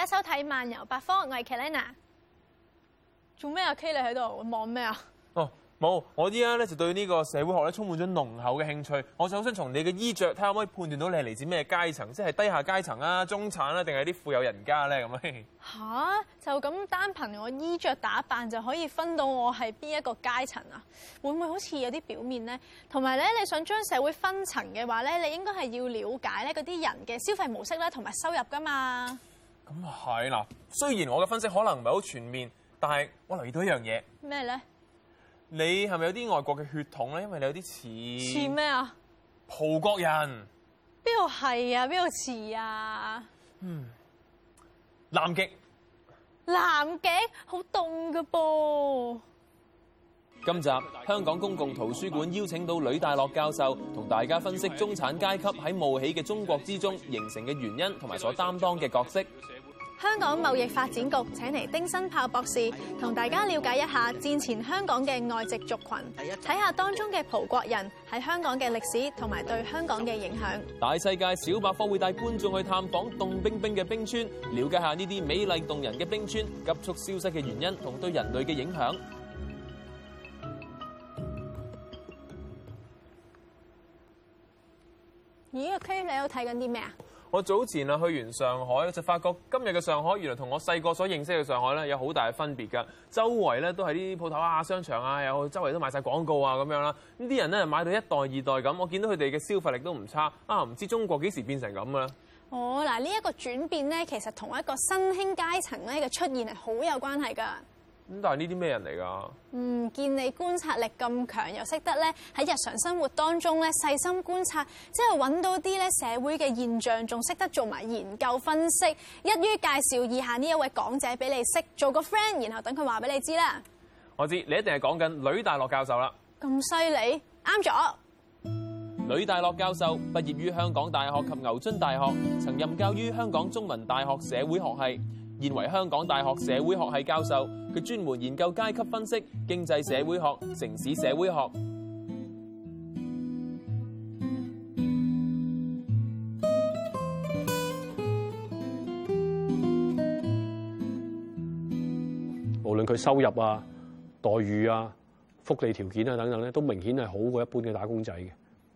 而家收睇漫遊百科，我係 Kellina。做咩啊？K 你喺度望咩啊？哦，冇，我依家咧就對呢個社會學咧充滿咗濃厚嘅興趣。我想想從你嘅衣着睇下，可唔可以判斷到你係嚟自咩階層，即係低下階層啊、中產啊，定係啲富有人家咧？咁 啊吓就咁單憑我衣着打扮就可以分到我係邊一個階層啊？會唔會好似有啲表面咧？同埋咧，你想將社會分層嘅話咧，你應該係要了解咧嗰啲人嘅消費模式咧，同埋收入噶嘛。咁啊係啦，雖然我嘅分析可能唔係好全面，但係我留意到一樣嘢。咩咧？你係咪有啲外國嘅血統咧？因為你有啲似似咩啊？葡國人。邊度係啊？邊度似啊？嗯，南極。南極好凍噶噃。今集香港公共圖書館邀請到呂大樂教授同大家分析中產階級喺冒起嘅中國之中形成嘅原因同埋所擔當嘅角色。香港貿易發展局請嚟丁新豹博士同大家了解一下戰前香港嘅外籍族群，睇下當中嘅葡國人喺香港嘅歷史同埋對香港嘅影響。大世界小百科會帶觀眾去探訪凍冰冰嘅冰川，了解下呢啲美麗動人嘅冰川急速消失嘅原因同對人類嘅影響。咦？K，你喺度睇緊啲咩啊？我早前啊去完上海就發覺今日嘅上海原來同我細個所認識嘅上海咧有好大嘅分別㗎，周圍咧都係啲鋪頭啊、商場啊，又周圍都賣晒廣告啊咁樣啦，咁啲人咧買到一代二代咁，我見到佢哋嘅消費力都唔差啊，唔知中國幾時變成咁嘅咧？哦，嗱呢一個轉變咧，其實同一個新興階層咧嘅出現係好有關係㗎。咁但係呢啲咩人嚟噶？嗯，見你觀察力咁強，又識得咧喺日常生活當中咧細心觀察，即係揾到啲咧社會嘅現象，仲識得做埋研究分析。一於介紹以下呢一位講者俾你識做個 friend，然後等佢話俾你知啦。我知你一定係講緊呂大樂教授啦。咁犀利，啱咗。呂大樂教授畢業於香港大學及牛津大學，曾任教於香港中文大學社會學系，現為香港大學社會學系教授。佢專門研究階級分析、經濟社會學、城市社會學。無論佢收入啊、待遇啊、福利條件啊等等咧，都明顯係好過一般嘅打工仔嘅。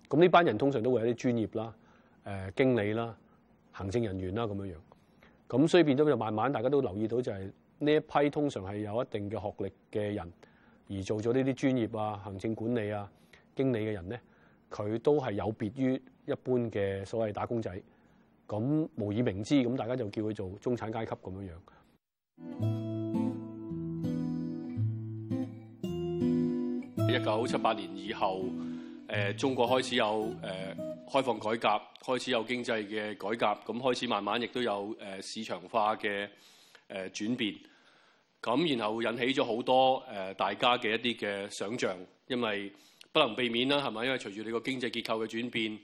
咁呢班人通常都會有啲專業啦、誒、呃、經理啦、行政人員啦咁樣樣。咁所以變咗就慢慢大家都留意到就係、是。呢一批通常係有一定嘅學歷嘅人，而做咗呢啲專業啊、行政管理啊、經理嘅人咧，佢都係有別於一般嘅所謂打工仔。咁無以名之，咁大家就叫佢做中產階級咁樣樣。一九七八年以後，誒中國開始有誒開放改革，開始有經濟嘅改革，咁開始慢慢亦都有誒市場化嘅誒轉變。咁然後引起咗好多誒、呃、大家嘅一啲嘅想象，因為不能避免啦，係咪？因為隨住你個經濟結構嘅轉變，誒、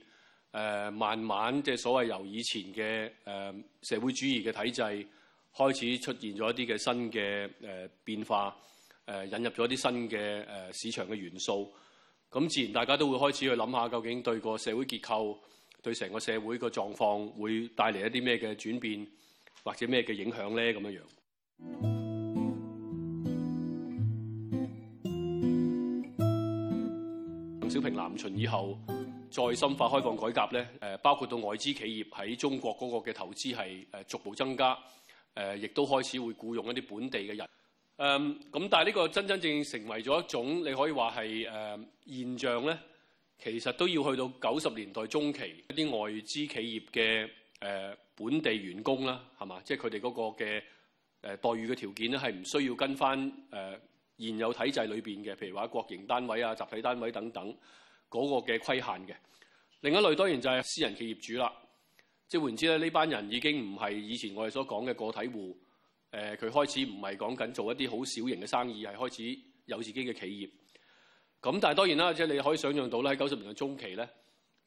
呃、慢慢即係、就是、所謂由以前嘅誒、呃、社會主義嘅體制，開始出現咗一啲嘅新嘅誒、呃、變化，誒、呃、引入咗啲新嘅誒、呃、市場嘅元素，咁自然大家都會開始去諗下，究竟對個社會結構、對成個社會嘅狀況，會帶嚟一啲咩嘅轉變或者咩嘅影響咧？咁樣樣。平南巡以後，再深化開放改革咧，誒、呃、包括到外資企業喺中國嗰個嘅投資係誒逐步增加，誒、呃、亦都開始會僱用一啲本地嘅人，誒、嗯、咁。但係呢個真真正正成為咗一種你可以話係誒現象咧，其實都要去到九十年代中期，一啲外資企業嘅誒、呃、本地員工啦，係嘛？即係佢哋嗰個嘅誒、呃、待遇嘅條件咧，係唔需要跟翻誒、呃現有體制裏邊嘅，譬如話國營單位啊、集體單位等等，嗰個嘅規限嘅。另一類當然就係私人企業主啦。即係換言之咧，呢班人已經唔係以前我哋所講嘅個體戶。誒、呃，佢開始唔係講緊做一啲好小型嘅生意，係開始有自己嘅企業。咁但係當然啦，即係你可以想象到啦，喺九十年代中期咧，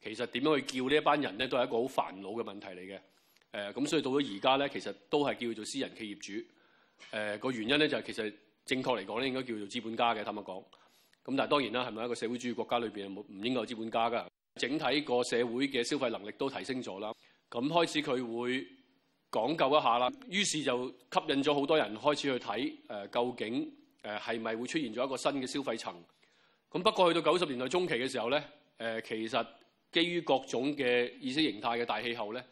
其實點樣去叫呢一班人咧，都係一個好煩惱嘅問題嚟嘅。誒、呃，咁所以到咗而家咧，其實都係叫做私人企業主。誒、呃，個原因咧就係其實。正確嚟講咧，應該叫做資本家嘅，坦白講。咁但係當然啦，係咪一個社會主義國家裏邊唔應該有資本家㗎？整體個社會嘅消費能力都提升咗啦，咁開始佢會講究一下啦。於是就吸引咗好多人開始去睇誒，究竟誒係咪會出現咗一個新嘅消費層？咁不過去到九十年代中期嘅時候咧，誒其實基於各種嘅意識形態嘅大氣候咧，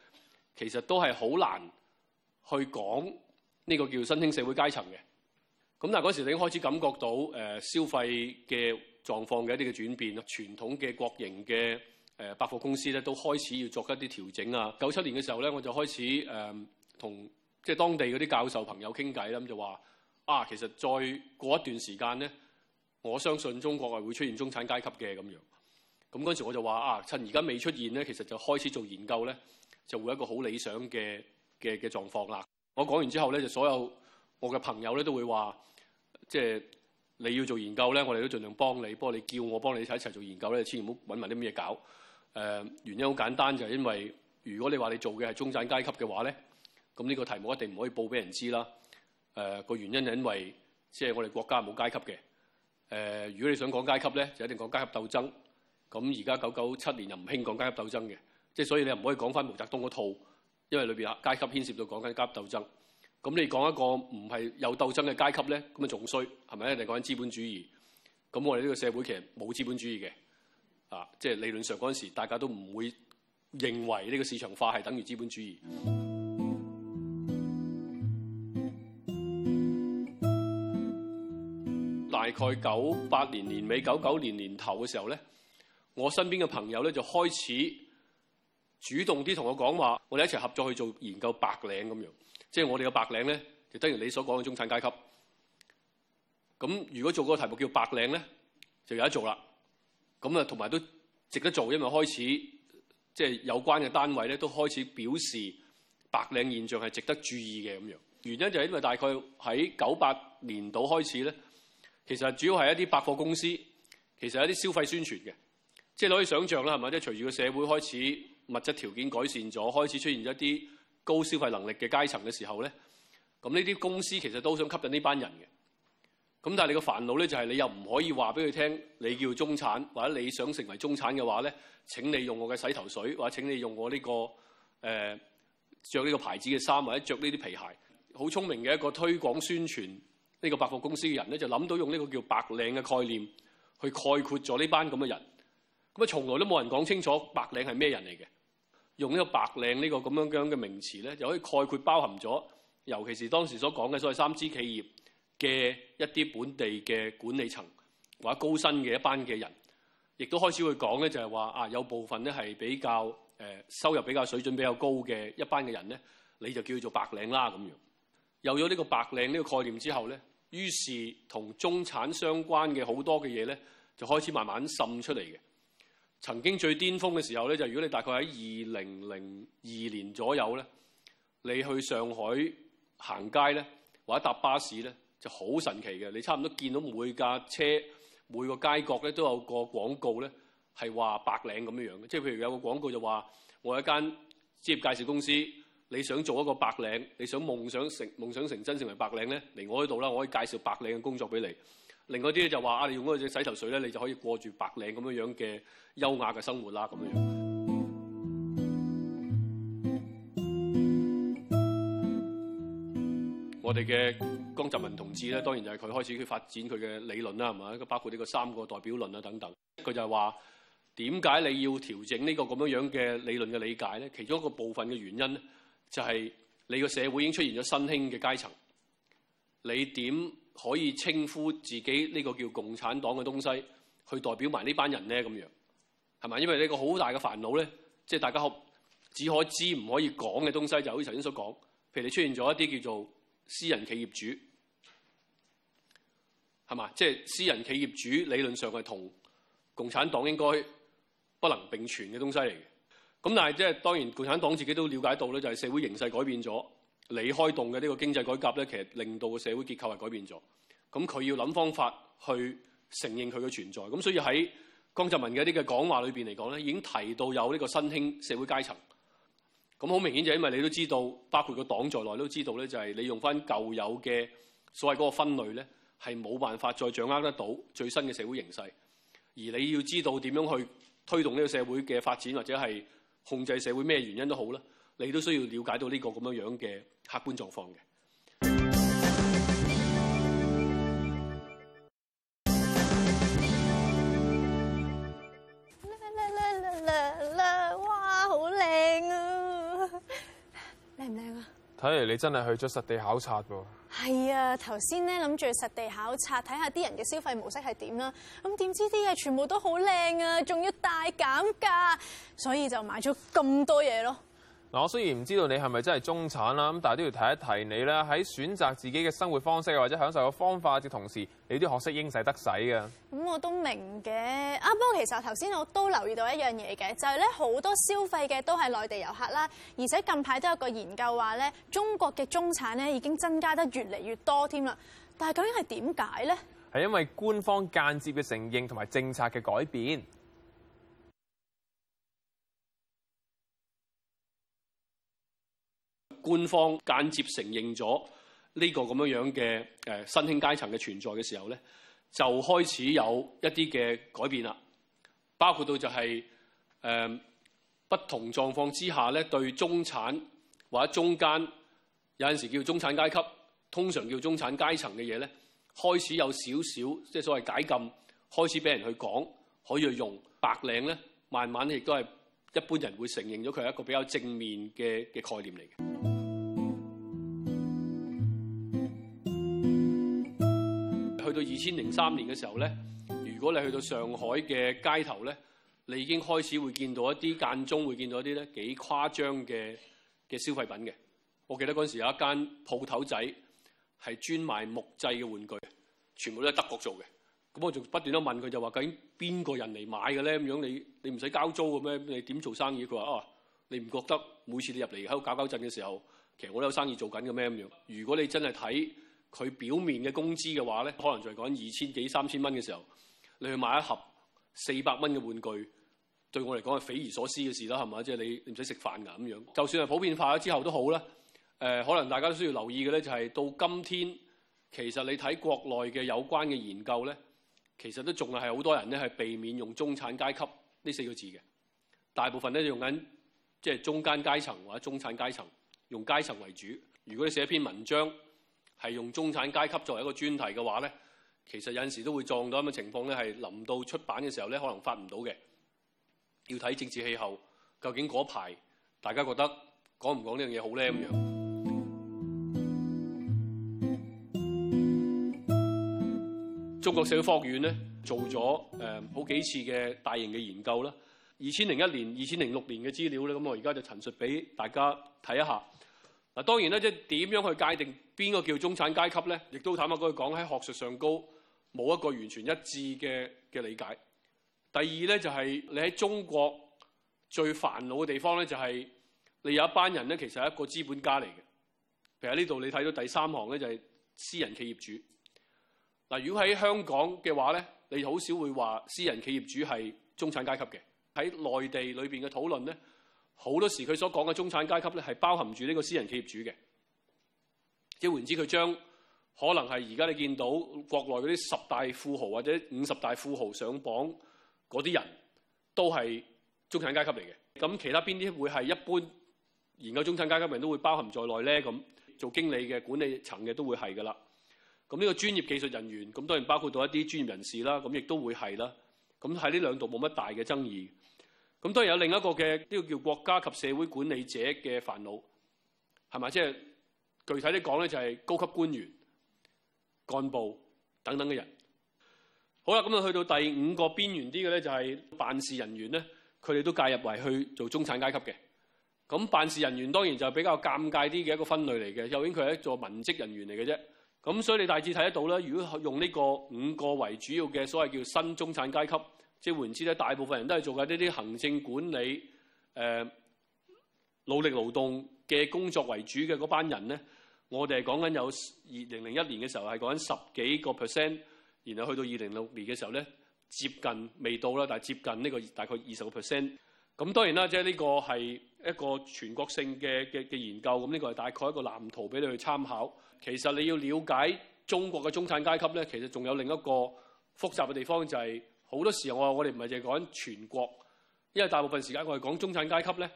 其實都係好難去講呢個叫新興社會階層嘅。咁但係嗰時你已經開始感覺到誒消費嘅狀況嘅一啲嘅轉變啦，傳統嘅國營嘅誒百貨公司咧都開始要做一啲調整啊。九七年嘅時候咧，我就開始誒同即係當地嗰啲教授朋友傾偈啦，咁就話啊，其實再過一段時間咧，我相信中國係會出現中產階級嘅咁樣。咁嗰陣時我就話啊，趁而家未出現咧，其實就開始做研究咧，就會一個好理想嘅嘅嘅狀況啦。我講完之後咧，就所有我嘅朋友咧都會話。即係你要做研究咧，我哋都盡量幫你。不過你叫我幫你一齊做研究咧，你千祈唔好揾埋啲咩搞。誒、呃、原因好簡單，就係、是、因為如果你話你做嘅係中產階級嘅話咧，咁呢個題目一定唔可以報俾人知啦。誒、呃、個原因係因為即係、就是、我哋國家冇階級嘅。誒、呃、如果你想講階級咧，就一定講階級鬥爭。咁而家九九七年又唔興講階級鬥爭嘅，即係所以你又唔可以講返毛澤東嗰套，因為裏邊啊階級牽涉到講緊階級鬥爭。咁你講一個唔係有鬥爭嘅階級咧，咁咪仲衰係咪咧？你講緊資本主義，咁我哋呢個社會其實冇資本主義嘅，啊，即係理論上嗰陣時大家都唔會認為呢個市場化係等於資本主義。大概九八年年尾、九九年年頭嘅時候咧，我身邊嘅朋友咧就開始主動啲同我講話，我哋一齊合作去做研究。白領咁樣，即係我哋嘅白領咧，就等於你所講嘅中產階級。咁如果做個題目叫白領咧，就有得做啦。咁啊，同埋都值得做，因為開始即係、就是、有關嘅單位咧都開始表示白領現象係值得注意嘅咁樣。原因就係因為大概喺九八年度開始咧，其實主要係一啲百貨公司其實係一啲消費宣傳嘅，即係你可以想象啦，係咪？即係隨住個社會開始。物質條件改善咗，開始出現一啲高消費能力嘅階層嘅時候咧，咁呢啲公司其實都想吸引呢班人嘅。咁但係你嘅煩惱咧，就係你又唔可以話俾佢聽你叫中產或者你想成為中產嘅話咧，請你用我嘅洗頭水，或者請你用我呢個誒着呢個牌子嘅衫，或者着呢啲皮鞋。好聰明嘅一個推廣宣傳呢個百貨公司嘅人咧，就諗到用呢個叫白領嘅概念去概括咗呢班咁嘅人。咁啊，從來都冇人講清楚白領係咩人嚟嘅。用呢個白領呢個咁樣樣嘅名詞咧，就可以概括包含咗，尤其是當時所講嘅所謂三資企業嘅一啲本地嘅管理層或者高薪嘅一班嘅人，亦都開始去講咧，就係話啊，有部分咧係比較收入比較水準比較高嘅一班嘅人咧，你就叫做白領啦咁樣。有咗呢個白領呢個概念之後咧，於是同中產相關嘅好多嘅嘢咧，就開始慢慢滲出嚟嘅。曾經最巔峰嘅時候咧，就如果你大概喺二零零二年左右咧，你去上海行街咧，或者搭巴士咧，就好神奇嘅。你差唔多見到每架車、每個街角咧都有個廣告咧，係話白領咁樣樣嘅。即係譬如有個廣告就話：我有一間職業介紹公司，你想做一個白領，你想夢想成夢想成真成為白領咧，嚟我呢度啦，我可以介紹白領嘅工作俾你。另外啲就話啊，你用嗰隻洗頭水，你就可以過住白領咁樣嘅優雅嘅生活啦。咁樣、嗯、我哋嘅江澤民同志咧，當然就係佢開始去發展佢嘅理論啦，係嘛？包括呢個三個代表論等等。佢就係話點解你要調整呢個咁樣嘅理論嘅理解呢？其中一個部分嘅原因咧，就係、是、你個社會已經出現咗新興嘅階層，你點？可以稱呼自己呢個叫共產黨嘅東西，去代表埋呢班人咧咁樣，係嘛？因為呢個好大嘅煩惱咧，即係大家可只可知唔可以講嘅東西，就好似頭先所講，譬如你出現咗一啲叫做私人企業主，係嘛？即係私人企業主理論上係同共產黨應該不能並存嘅東西嚟嘅。咁但係即係當然共產黨自己都了解到咧，就係社會形勢改變咗。你開動嘅呢個經濟改革咧，其實令到個社會結構係改變咗。咁佢要諗方法去承認佢嘅存在。咁所以喺江澤民嘅一啲嘅講話裏面嚟講咧，已經提到有呢個新興社會階層。咁好明顯就係因為你都知道，包括個黨在內都知道咧，就係你用翻舊有嘅所謂嗰個分類咧，係冇辦法再掌握得到最新嘅社會形勢。而你要知道點樣去推動呢個社會嘅發展，或者係控制社會咩原因都好啦。你都需要了解到呢個咁樣樣嘅客觀狀況嘅。啦哇，好靚啊！靚唔靚啊？睇嚟你真係去咗實地考察噃。係啊，頭先咧諗住實地考察，睇下啲人嘅消費模式係點啦。咁點知啲嘢全部都好靚啊，仲要大減價，所以就買咗咁多嘢咯。嗱，我雖然唔知道你係咪真係中產啦，咁但係都要提一提你啦。喺選擇自己嘅生活方式或者享受嘅方法嘅同時，你都要學識應使得使嘅。咁，嗯，我都明嘅，啊不過其實頭先我都留意到一樣嘢嘅，就係咧好多消費嘅都係內地遊客啦，而且近排都有個研究話咧，中國嘅中產咧已經增加得越嚟越多添啦。但係究竟係點解咧？係因為官方間接嘅承認同埋政策嘅改變。官方間接承認咗呢個咁樣樣嘅誒、呃、新興階層嘅存在嘅時候咧，就開始有一啲嘅改變啦，包括到就係、是呃、不同狀況之下咧，對中產或者中間有陣時叫中產階級，通常叫中產階層嘅嘢咧，開始有少少即係所謂解禁，開始俾人去講，可以去用白領咧，慢慢亦都係一般人會承認咗佢係一個比較正面嘅嘅概念嚟嘅。到二千零三年嘅時候咧，如果你去到上海嘅街頭咧，你已經開始會見到一啲間中會見到一啲咧幾誇張嘅嘅消費品嘅。我記得嗰陣時有一間鋪頭仔係專賣木製嘅玩具，全部都係德國做嘅。咁我不斷就不斷都問佢，就話究竟邊個人嚟買嘅咧？咁樣你你唔使交租嘅咩？你點做生意？佢話啊，你唔覺得每次你入嚟喺度搞搞震嘅時候，其實我都有生意做緊嘅咩？咁樣如果你真係睇。佢表面嘅工資嘅話咧，可能就係講二千幾三千蚊嘅時候，你去買一盒四百蚊嘅玩具，對我嚟講係匪夷所思嘅事啦，係咪？即、就、係、係、你唔使食飯㗎咁樣。就算係普遍化咗之後都好啦。誒、呃，可能大家都需要留意嘅咧、就係，就係到今天，其實你睇國內嘅有關嘅研究咧，其實都仲係好多人咧係避免用中產階級呢四個字嘅，大部分咧用緊即係中間階層或者中產階層，用階層為主。如果你寫一篇文章，係用中產階級作為一個專題嘅話呢，其實有陣時都會撞到咁嘅情況咧，係臨到出版嘅時候呢，可能發唔到嘅，要睇政治氣候，究竟嗰排大家覺得講唔講這件事好呢樣嘢好咧咁樣。中國社會科學院呢做咗、嗯、好幾次嘅大型嘅研究啦，二千零一年、二千零六年嘅資料呢，咁我而家就陳述俾大家睇一下。嗱當然咧，即係點樣去界定邊個叫中產階級呢？亦都坦白講，喺學術上高冇一個完全一致嘅理解。第二呢，就係你喺中國最煩惱嘅地方呢，就係你有一班人呢，其實係一個資本家嚟嘅。譬如喺呢度你睇到第三行呢，就係私人企業主。如果喺香港嘅話呢，你好少會話私人企業主係中產階級嘅。喺內地裏面嘅討論呢。好多時佢所講嘅中產階級咧，係包含住呢個私人企業主嘅。即係換言之，佢將可能係而家你見到國內嗰啲十大富豪或者五十大富豪上榜嗰啲人都係中產階級嚟嘅。咁其他邊啲會係一般研究中產階級嘅人都會包含在內咧？咁做經理嘅、管理層嘅都會係㗎喇。咁呢個專業技術人員，咁當然包括到一啲專業人士啦。咁亦都會係啦。咁喺呢兩度冇乜大嘅爭議。咁當然有另一個嘅呢、呢個叫國家及社會管理者嘅煩惱，係咪？即、就、係、是、具體啲講呢，就係、是、高級官員、幹部等等嘅人。好啦，咁啊去到第五個邊緣啲嘅呢，就係、是、辦事人員呢佢哋都介入為去做中產階級嘅。咁辦事人員當然就比較尷尬啲嘅一個分類嚟嘅，由於佢係做座文職人員嚟嘅啫。咁所以你大致睇得到呢，如果用呢個五個為主要嘅所謂叫新中產階級。即係換言之咧，大部分人都係做緊呢啲行政管理、誒、呃、努力勞動嘅工作為主嘅嗰班人咧。我哋係講緊有二零零一年嘅時候係講緊十幾個 percent，然後去到二零六年嘅時候咧，接近未到啦，但係接近呢個大概二十個 percent。咁、嗯、當然啦，即係呢個係一個全國性嘅嘅嘅研究，咁、嗯、呢、呢個係大概一個藍圖俾你去參考。其實你要了解中國嘅中產階級咧，其實仲有另一個複雜嘅地方就係、是。好多時候我話我哋唔係淨係講全國，因為大部分時間我哋講中產階級咧，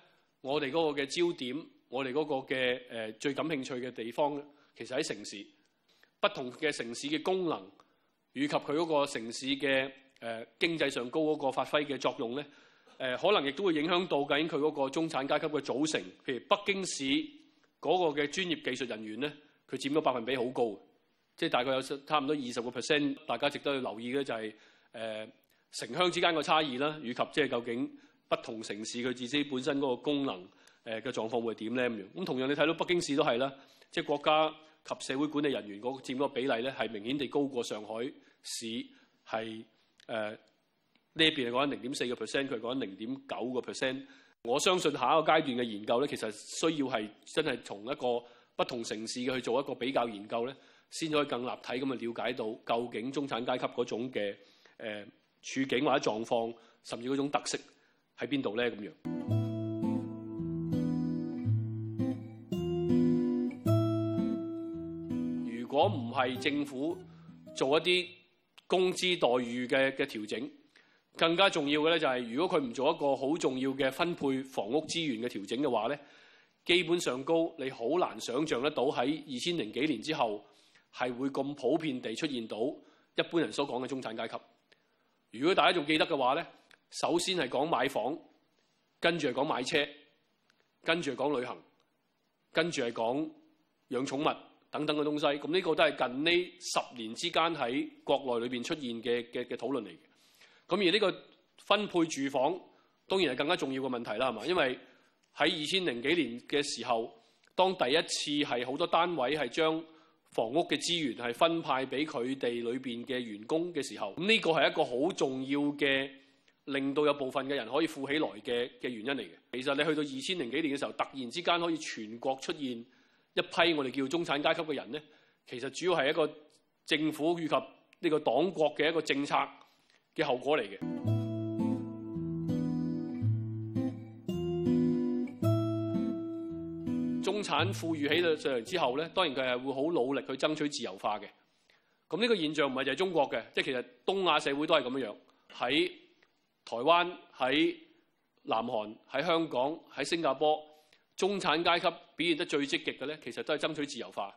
我哋嗰個嘅焦點，我哋嗰個嘅誒最感興趣嘅地方，其實喺城市。不同嘅城市嘅功能，以及佢嗰個城市嘅誒、呃、經濟上高嗰個發揮嘅作用咧、呃，可能亦都會影響到緊佢嗰個中產階級嘅組成。譬如北京市嗰個嘅專業技術人員咧，佢佔咗百分比好高，即係大概有差唔多二十個 percent。大家值得去留意嘅就係、是呃城鄉之間個差異啦，以及即係究竟不同城市佢自己本身嗰個功能誒嘅狀況會點咧？咁樣咁同樣你睇到北京市都係啦，即係國家及社會管理人員嗰佔嗰比例咧，係明顯地高過上海市係誒呢一邊講緊零點四個 percent，佢講緊零點九個 percent。我相信下一個階段嘅研究咧，其實需要係真係從一個不同城市去做一個比較研究咧，先可以更立體咁去了解到究竟中產階級嗰種嘅誒。呃處境或者狀況，甚至嗰種特色喺邊度咧？咁樣如果唔係政府做一啲工資待遇嘅嘅調整，更加重要嘅咧，就係如果佢唔做一個好重要嘅分配房屋資源嘅調整嘅話咧，基本上高你好難想像得到喺二千零幾年之後係會咁普遍地出現到一般人所講嘅中產階級。如果大家仲記得嘅話咧，首先係講買房，跟住係講買車，跟住係講旅行，跟住係講養寵物等等嘅東西。咁、這、呢個都係近呢十年之間喺國內裏面出現嘅嘅嘅討論嚟嘅。咁而呢個分配住房當然係更加重要嘅問題啦，係嘛？因為喺二千零幾年嘅時候，當第一次係好多單位係將房屋嘅資源係分派俾佢哋裏邊嘅員工嘅時候，呢個係一個好重要嘅，令到有部分嘅人可以富起來嘅嘅原因嚟嘅。其實你去到二千零幾年嘅時候，突然之間可以全國出現一批我哋叫中產階級嘅人呢，其實主要係一個政府以及呢個黨國嘅一個政策嘅後果嚟嘅。產富裕起上嚟之後咧，當然佢係會好努力去爭取自由化嘅。咁呢個現象唔係就係中國嘅，即係其實東亞社會都係咁樣樣。喺台灣、喺南韓、喺香港、喺新加坡，中產階級表現得最積極嘅咧，其實都係爭取自由化。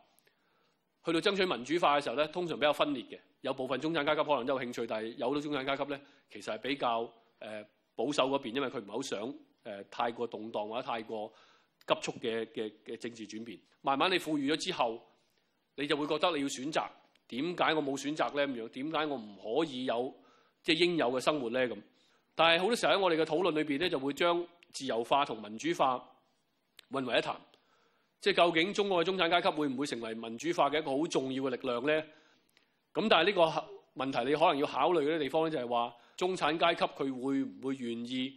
去到爭取民主化嘅時候咧，通常比較分裂嘅，有部分中產階級可能都有興趣，但係有好多中產階級咧，其實係比較誒保守嗰邊，因為佢唔係好想誒太過動盪或者太過。急促嘅嘅嘅政治轉變，慢慢你富裕咗之後，你就會覺得你要選擇，點解我冇選擇咧？咁樣，點解我唔可以有即係應有嘅生活咧？咁但係好多時候喺我哋嘅討論裏邊咧，就會將自由化同民主化混為一談，即係究竟中國嘅中產階級會唔會成為民主化嘅一個好重要嘅力量咧？咁但係呢個問題你可能要考慮嗰啲地方咧，就係話中產階級佢會唔會願意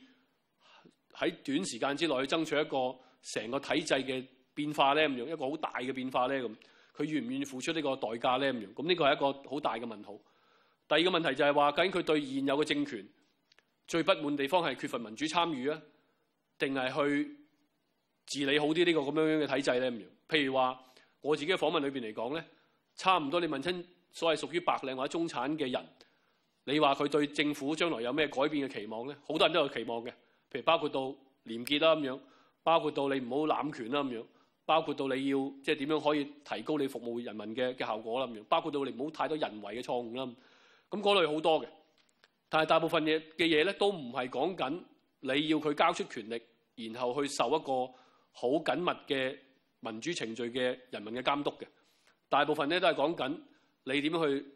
喺短時間之內去爭取一個。成個體制嘅變化咧，咁樣一個好大嘅變化咧，咁佢願唔願意付出呢個代價咧？咁樣咁呢個係一個好大嘅問號。第二個問題就係話究竟佢對現有嘅政權最不滿地方係缺乏民主參與啊，定係去治理好啲呢個咁樣樣嘅體制咧？咁樣譬如話我自己訪問裏邊嚟講咧，差唔多你問清所謂屬於白領或者中產嘅人，你話佢對政府將來有咩改變嘅期望咧？好多人都有期望嘅，譬如包括到廉潔啦咁樣。包括到你唔好濫權啦咁樣，包括到你要即係點樣可以提高你服務人民嘅嘅效果啦咁樣，包括到你唔好太多人為嘅錯誤啦，咁嗰類好多嘅。但係大部分嘢嘅嘢咧，都唔係講緊你要佢交出權力，然後去受一個好緊密嘅民主程序嘅人民嘅監督嘅。大部分咧都係講緊你點樣去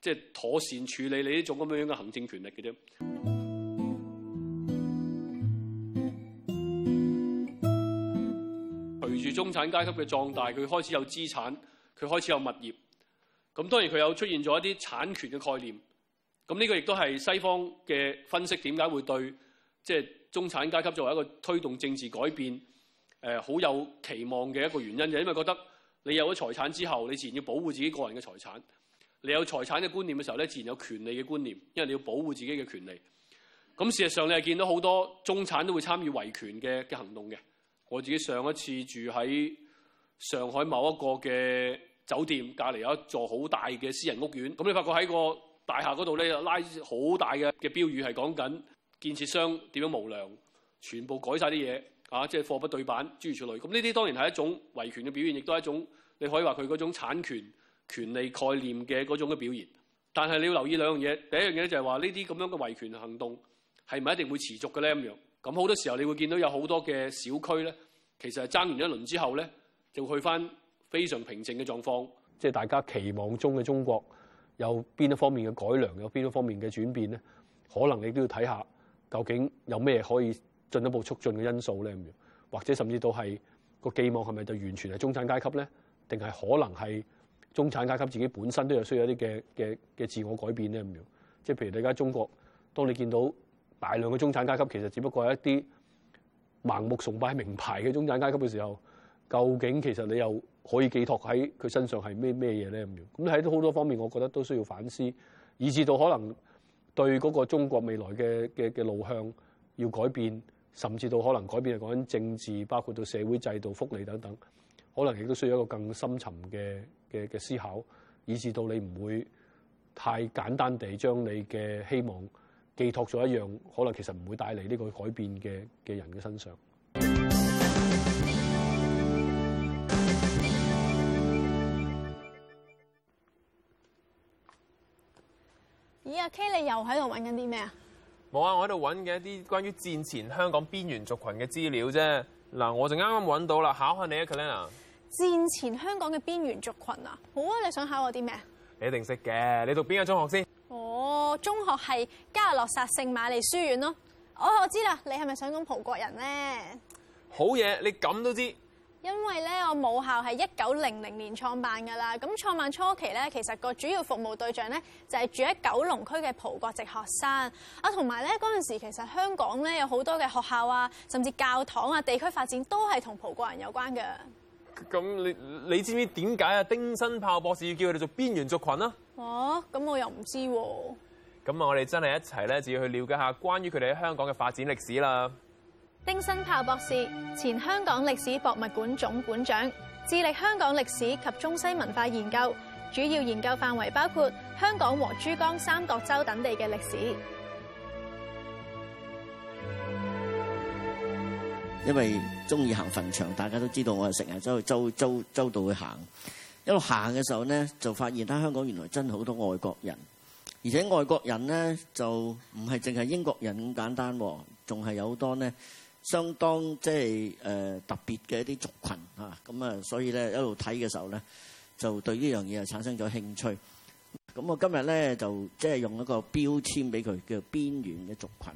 即係、就是、妥善處理你呢種咁樣嘅行政權力嘅啫。中產階級嘅壯大，佢開始有資產，佢開始有物業，咁當然佢有出現咗一啲產權嘅概念。咁呢個亦都係西方嘅分析點解會對即係、就是、中產階級作為一個推動政治改變誒好、呃、有期望嘅一個原因就、因為覺得你有咗財產之後，你自然要保護自己個人嘅財產；你有財產嘅觀念嘅時候咧，自然有權利嘅觀念，因為你要保護自己嘅權利。咁事實上你係見到好多中產都會參與維權嘅嘅行動嘅。我自己上一次住喺上海某一個嘅酒店，隔離有一座好大嘅私人屋苑。咁你發覺喺個大廈嗰度呢，拉好大嘅標語，係講緊建設商點樣無良，全部改曬啲嘢啊！即係貨不對版、諸如此類。咁呢啲當然係一種維權嘅表現，亦都係一種你可以話佢嗰種產權權利概念嘅嗰種嘅表現。但係你要留意兩樣嘢，第一樣嘢就係話呢啲咁樣嘅維權行動係咪一定會持續嘅呢？咁樣。咁好多時候，你會見到有好多嘅小區咧，其實係爭完一輪之後咧，就會去返非常平靜嘅狀況。即係大家期望中嘅中國有邊一方面嘅改良，有邊一方面嘅轉變咧？可能你都要睇下究竟有咩可以進一步促進嘅因素咧？咁樣，或者甚至到係個寄望係咪就完全係中產階級咧？定係可能係中產階級自己本身都有需要一啲嘅嘅嘅自我改變咧？咁樣，即係譬如你而家中國，當你見到大量嘅中產階級其實只不過係一啲盲目崇拜名牌嘅中產階級嘅時候，究竟其實你又可以寄託喺佢身上係咩咩嘢咧？咁樣，咁喺好多方面，我覺得都需要反思，以致到可能對嗰個中國未來嘅嘅嘅路向要改變，甚至到可能改變係講緊政治，包括到社會制度、福利等等，可能亦都需要一個更深沉嘅嘅嘅思考，以致到你唔會太簡單地將你嘅希望。寄托咗一樣可能其實唔會帶嚟呢個改變嘅、嘅人嘅身上。咦、哎，阿 K，你又喺度揾緊啲咩啊？冇啊，我喺度揾緊一啲關於戰前香港邊緣族群嘅資料啫。嗱，我就啱啱揾到啦，考下你啊，Carina。戰前香港嘅邊緣族群啊，好啊，你想考我啲咩？你一定識嘅，你讀邊個中學先？係嘉諾撒聖瑪利書院咯。哦哦，我我知啦，你係咪想講葡國人咧？好嘢，你咁都知道？因為咧，我母校係一九零零年創辦噶啦，咁創辦初期咧，其實個主要服務對象咧就係住喺九龍區嘅葡國籍學生啊，同埋咧嗰陣時候其實香港咧有好多嘅學校啊，甚至教堂啊，地區發展都係同葡國人有關嘅。咁你你知唔知點解啊？丁新豹博士要叫佢哋做邊緣族群啊？哦，咁我又唔知喎、啊。咁啊！我哋真係一齊咧，就要去了解一下關於佢哋喺香港嘅發展歷史啦。丁新豹博士，前香港歷史博物館總館長，致力香港歷史及中西文化研究，主要研究範圍包括香港和珠江三角洲等地嘅歷史。因為中意行墳場，大家都知道我係成日走去周周周度去行，一路行嘅時候呢，就發現喺香港原來真係好多外國人。而且外國人咧就唔係淨係英國人咁簡單喎，啊，仲係有好多呢，相當即係誒特別嘅一啲族群啊，嚇，啊，咁啊所以咧一路睇嘅時候咧就對呢樣嘢啊產生咗興趣。咁我今日咧就即係用一個標籤俾佢叫「邊緣嘅族群」。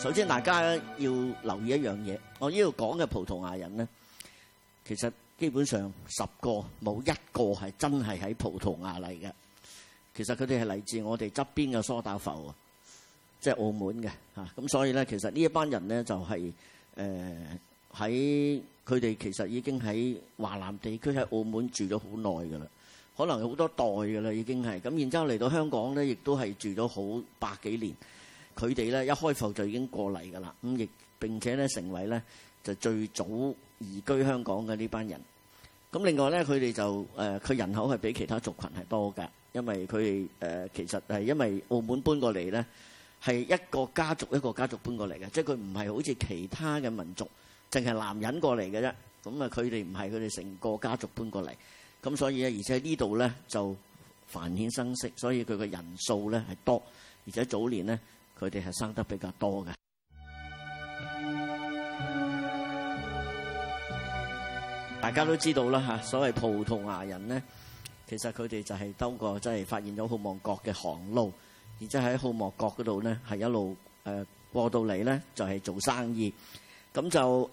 首先大家要留意一樣嘢，我呢度講嘅葡萄牙人咧其實。基本上十個冇一個係真係喺葡萄牙嚟嘅，其實佢哋係嚟自我哋側邊嘅梳打埠，啊，即係澳門嘅嚇。咁所以咧，其實呢一班人咧就係誒喺佢哋其實已經喺華南地區喺澳門住咗好耐㗎啦，可能有好多代㗎啦已經係咁，然之後嚟到香港咧，亦都係住咗好百幾年。佢哋咧一開埠就已經過嚟㗎啦，咁亦並且咧成為咧就最早。移居香港嘅呢班人，咁另外咧，佢哋就誒佢、呃、人口係比其他族群係多嘅，因為佢哋誒其實係因為澳門搬過嚟咧，係一個家族一個家族搬過嚟嘅，即係佢唔係好似其他嘅民族，淨係男人過嚟嘅啫。咁啊，佢哋唔係佢哋成個家族搬過嚟，咁所以咧，而且這裏呢度咧就繁衍生息，所以佢嘅人數咧係多，而且早年咧佢哋係生得比較多嘅。大家都知道啦嚇，所謂葡萄牙人咧，其實佢哋就係兜過，即係發現咗好望角嘅航路，然之後喺好望角嗰度咧，係一路誒過到嚟咧，就係做生意。咁就誒，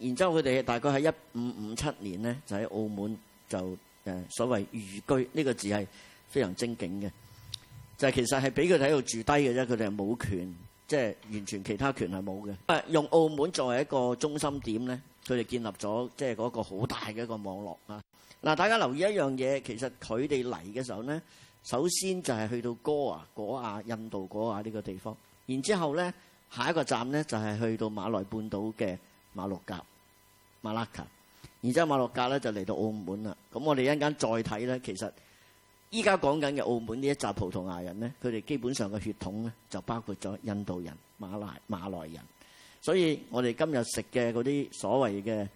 然之後佢哋大概喺一五五七年咧，就喺澳門就誒所謂寓居，呢個字係非常精警嘅，就係其實係俾佢喺度住低嘅啫，佢哋係冇權，即係完全其他權係冇嘅。誒，用澳門作為一個中心點咧。佢哋建立咗即係嗰個好大嘅一個網絡啊！嗱，大家留意一樣嘢，其實佢哋嚟嘅時候咧，首先就係去到哥啊、果亞、印度果亞呢個地方，然之後咧，下一個站咧就係去到馬來半島嘅馬六甲馬拉卡然之後馬六甲咧就嚟到澳門啦。咁我哋一陣間再睇咧，其實依家講緊嘅澳門呢一集葡萄牙人咧，佢哋基本上嘅血統咧就包括咗印度人、馬來馬來人。所以我哋今日食嘅嗰啲所謂嘅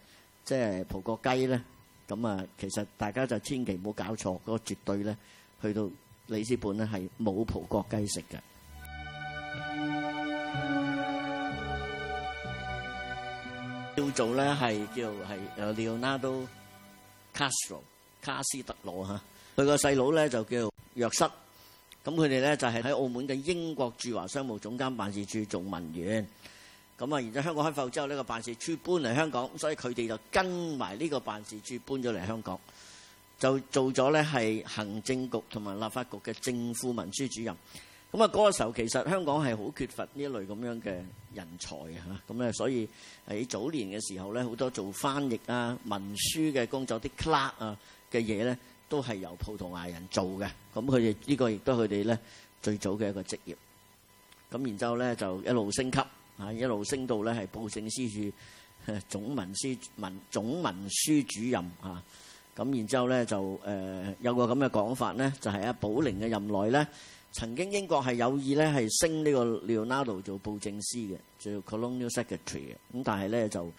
即係葡國雞咧，咁啊，其實大家就千祈唔好搞錯，嗰個絕對咧去到里斯本咧係冇葡國雞食嘅， 做的是叫做咧係叫係 Leonardo Castro 卡斯特羅嚇。佢個細佬咧就叫約瑟，咁佢哋咧就係喺澳門嘅英國駐華商務總監辦事處做文員。咁啊！然之後香港開埠之後，呢、這個辦事處搬嚟香港，所以佢哋就跟埋呢個辦事處搬咗嚟香港，就做咗呢係行政局同埋立法局嘅政府文書主，主任。咁啊，嗰個時候其實香港係好缺乏呢一類咁樣嘅人才啊。咁咧，所以喺早年嘅時候咧，好多做翻譯啊、文書嘅工作、啲 clerk 啊嘅嘢咧，都係由葡萄牙人做嘅。咁佢哋呢個亦都佢哋咧最早嘅一個職業。咁然之後咧，就一路升級。嚇，一路升到咧係布政司處總文書文總文書主任嚇。咁、啊、然之後咧就誒有個咁嘅講法咧，就係阿、呃就是啊、寶靈嘅任內咧，曾經英國係有意咧係升呢個 Leonardo 做布政司嘅，做 Colonial Secretary 嘅，咁但係咧就誒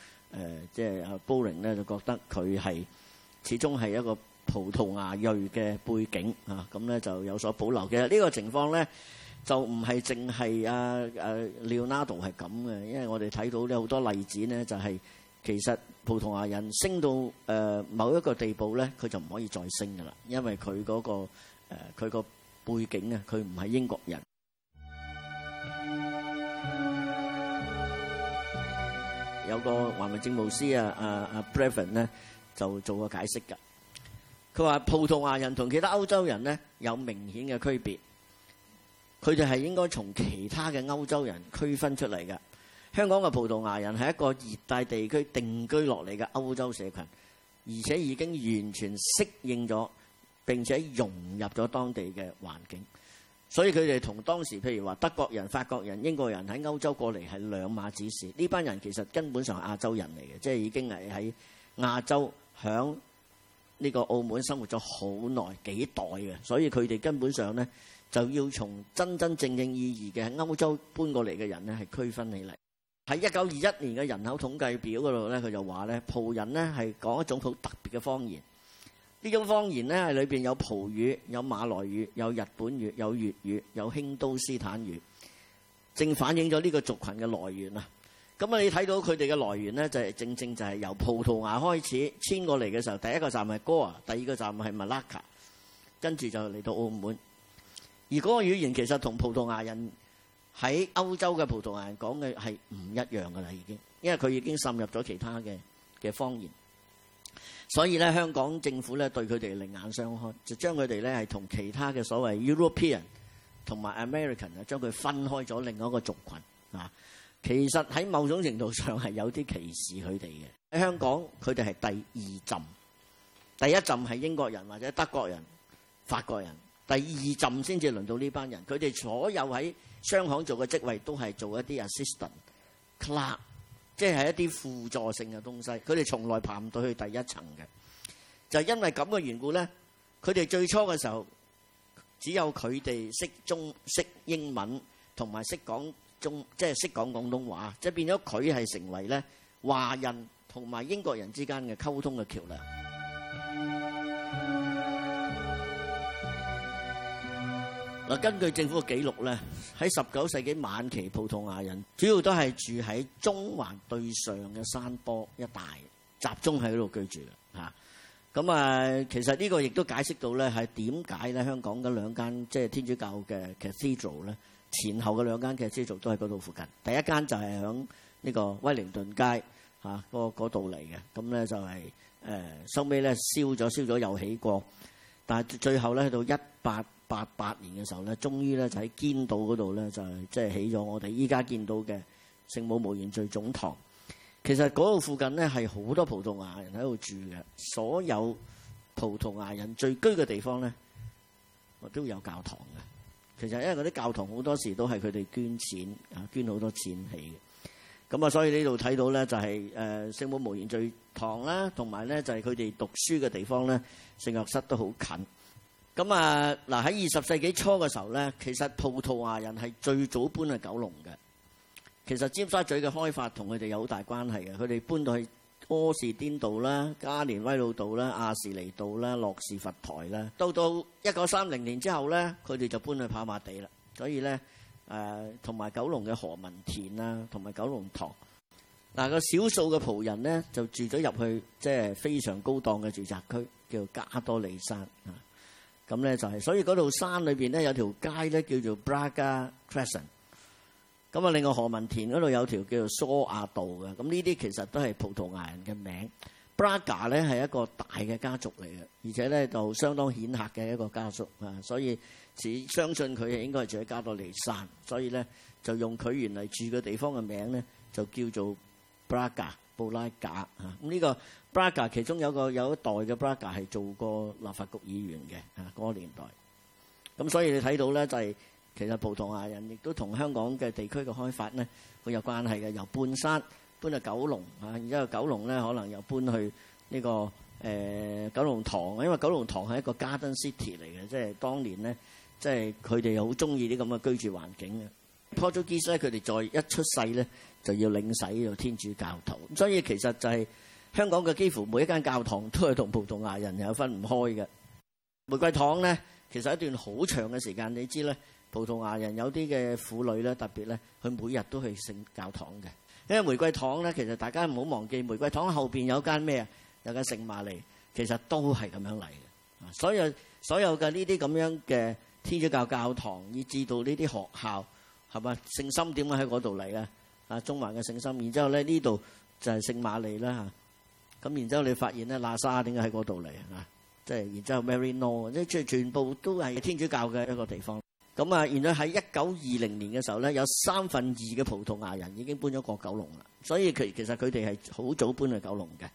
即係阿寶靈咧就覺得佢係始終係一個葡萄牙裔嘅背景嚇，咁、啊、咧就有所保留嘅呢個情況咧。就唔係淨係啊阿 Leonardo 係咁嘅，因為我哋睇到咧好多例子咧，就係其實葡萄牙人升到誒某一個地步咧，佢就唔可以再升噶啦，因為佢、嗰個誒佢個背景啊，佢唔係英國人。 有個華民政務司啊啊啊 Previn 咧就做過解釋㗎。佢話葡萄牙人同其他歐洲人咧有明顯嘅區別。佢哋係應該從其他嘅歐洲人區分出嚟嘅。香港嘅葡萄牙人係一個熱帶地區定居落嚟嘅歐洲社群，而且已經完全適應咗並且融入咗當地嘅環境。所以佢哋同當時譬如話德國人、法國人、英國人喺歐洲過嚟係兩碼子事。呢班人其實根本上係亞洲人嚟嘅，即係已經係喺亞洲響呢個澳門生活咗好耐幾代嘅，所以佢哋根本上呢。就要從真真正正意義嘅歐洲搬過嚟嘅人呢，係區分起嚟。喺一九二一年嘅人口統計表嗰度呢，佢就話呢，葡人呢係講一種好特別嘅方言。呢種方言呢，係裏邊有葡語、有馬來語、有日本語、有粵語、有粵語、有興都斯坦語，正反映咗呢個族群嘅來源啊。咁啊，你睇到佢哋嘅來源呢，就係、是、正正就係由葡萄牙開始遷過嚟嘅時候，第一個站係哥亞，第二個站係馬拉卡，跟住就嚟到澳門。而嗰個語言其實同葡萄牙人喺歐洲嘅葡萄牙人講嘅係唔一樣㗎啦，已經，因為佢已經滲入咗其他嘅嘅方言。所以咧，香港政府咧對佢哋另眼相看，就將佢哋咧係同其他嘅所謂 European 同埋 American 啊，將佢分開咗另一個族群啊。其實喺某種程度上係有啲歧視佢哋嘅。喺香港，佢哋係第二浸，第一浸係英國人或者德國人、法國人。第二層先至輪到呢班人，佢哋所有喺商行做嘅職位都係做一啲 assistant、clerk，即係一啲輔助性嘅東西。佢哋從來爬唔到去第一層嘅，就是、因為咁嘅緣故咧，佢哋最初嘅時候只有佢哋識中、識英文同埋識講中，即係識講廣東話，即係變咗佢係成為咧華人同埋英國人之間嘅溝通嘅橋梁。根據政府嘅記錄咧，喺十九世紀晚期，葡萄牙人主要都係住喺中環對上嘅山坡一帶，集中喺度居住嘅嚇。咁啊，其實呢個亦都解釋到咧，係點解咧香港嘅兩間即係、就是、天主教嘅 cathedral 咧，前後嘅兩間 cathedral 都喺嗰度附近。第一間就係響呢個威靈頓街嚇，嗰度嚟嘅。咁咧就係誒收尾咧燒咗，燒咗又起過，但係最後咧喺到一八八八年嘅時候咧，終於咧就喺堅道嗰度咧就係即係起咗我哋依家見到嘅聖母無原罪總堂。其實嗰度附近咧係好多葡萄牙人喺度住嘅，所有葡萄牙人聚居嘅地方咧，我都有教堂嘅。其實因為嗰啲教堂好多時都係佢哋捐錢啊，捐好多錢起嘅，咁啊所以呢度睇到咧就係誒聖母無原罪堂啦，同埋咧就係佢哋讀書嘅地方咧聖學室都好近。咁啊！嗱，喺二十世紀初嘅時候咧，其實葡萄牙人係最早搬去九龍嘅。其實尖沙咀嘅開發同佢哋有好大關係嘅。佢哋搬到去柯士甸道啦、加連威老道啦、亞士厘道啦、諾士佛台啦。到到一九三零年之後咧，佢哋就搬去跑馬地啦。所以咧，誒同埋九龍嘅何文田啊，同埋九龍塘嗱、嗰個少數嘅葡人咧，就住咗入去，即係非常高檔嘅住宅區，叫加多利山啊。咁咧就係、是，所以嗰度山裏邊咧有一條街咧叫做 Braga Crescent。咁啊另外何文田嗰度有條叫做蘇亞道嘅，咁呢啲其實都係葡萄牙人嘅名。Braga 咧係一個大嘅家族嚟嘅，而且咧就相當顯赫嘅一個家族啊，所以只相信佢係應該是住喺加多利山，所以咧就用佢原嚟住嘅地方嘅名咧就叫做 Braga。布拉格嚇，咁呢個布拉格其中有一代嘅布拉格係做過立法局議員嘅嚇，嗰個年代。咁所以你睇到咧，就係其實葡萄牙人亦都同香港嘅地區嘅開發咧，佢有關係嘅。由半山搬到九龍嚇，然之後九龍咧可能又搬去呢個誒九龍塘，因為九龍塘係一個 Garden City 嚟嘅，即係當年咧，即係佢哋好中意啲咁嘅居住環境嘅。producers 咧，佢哋在一出世咧就要領洗做天主教徒，所以其實就係香港嘅幾乎每一間教堂都係同葡萄牙人有分唔開嘅。玫瑰堂咧，其實一段好長嘅時間，你知咧葡萄牙人有啲嘅婦女咧，特別咧，佢每日都去聖教堂嘅。因為玫瑰堂咧，其實大家唔好忘記，玫瑰堂後邊有間咩啊？有間聖瑪利，其實都係咁樣嚟嘅。所有所有嘅呢啲咁樣嘅天主教教堂，以至到呢啲學校。係嘛？聖心點解喺嗰度嚟啊？啊，中環嘅聖心，然之後咧呢度就係聖瑪麗啦嚇。咁然之後你發現咧，喇沙點解喺嗰度嚟啊？即係然之後 Maryknoll，即係全部都係天主教嘅一個地方。咁啊，然後喺一九二零年嘅時候咧，有三分二嘅葡萄牙人已經搬咗過九龍啦，所以其其實佢哋係好早搬去九龍嘅。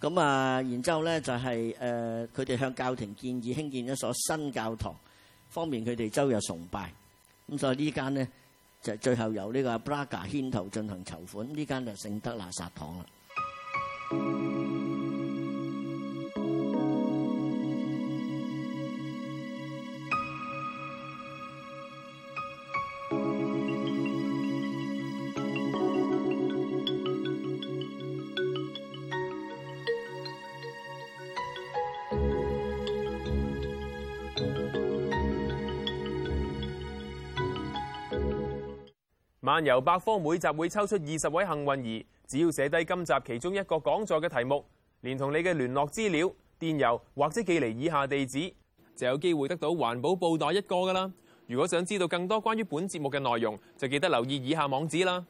咁啊，然之後咧就係誒，佢哋向教廷建議興建一所新教堂，方便佢哋週日崇拜。咁所以這間呢間咧就最後由呢個阿布拉格牽頭進行籌款，呢間就聖德肋撒堂啦。但遊百科每集會抽出二十位幸運兒，只要寫低今集其中一個講座嘅題目，連同你嘅聯絡資料、電郵或者寄嚟以下地址，就有機會得到環保布袋一個噶啦。如果想知道更多關於本節目嘅內容，就記得留意以下網址啦。